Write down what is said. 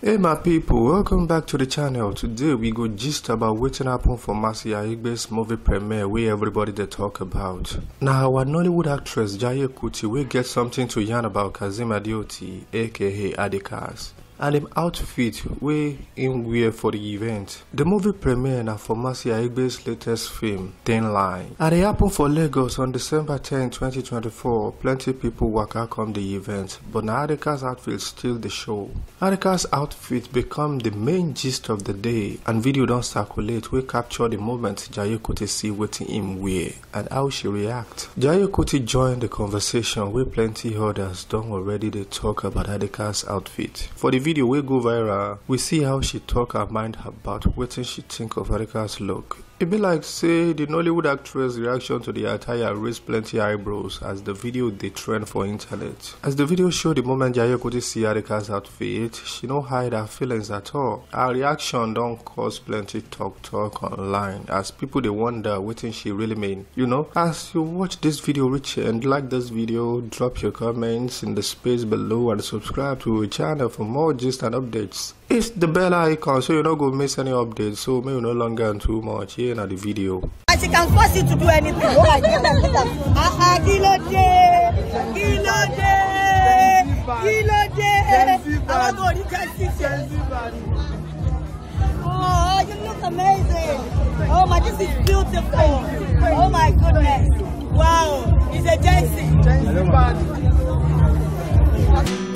Hey my people, welcome back to the channel. Today we go gist about what happened for Masia Igbe's movie premiere where everybody they talk about. Now our Nollywood actress Jaya Kuti will get something to yarn about Kazim Adioti aka Adikas and im outfit wey in wear for the event. the movie premiere na for Mercy Aigbe's latest film Thin Line and e happen for lagos on december 10 2024 plenty people pipo out come the event but na Arika's outfit still the show. Arika's outfit become the main gist of the day and video don't circulate We capture the moment Jai Kuti see what im wear and how she react. Jai Kuti join the conversation with plenty others done already They talk about Arika's outfit. for the video will go viral we see how she talk her mind about what she think of erica's look It be like say the nollywood actress reaction to the attire raise plenty eyebrows as the video the trend for internet as the video show the moment Jaya could see erica's outfit she no hide her feelings at all her reaction don't cause plenty talk talk online as people they wonder what she really mean you know as you watch this video reach and like this video drop your comments in the space below and subscribe to our channel for more gist and updates it's the bell icon so you don't go miss any updates so maybe no longer and too much here in the video. as you can force you to do anything oh my goodness ah kí ló dé kí ló you can see. dé oh you look amazing oh my this is beautiful oh my goodness wow it's a Gen Z. Gen Z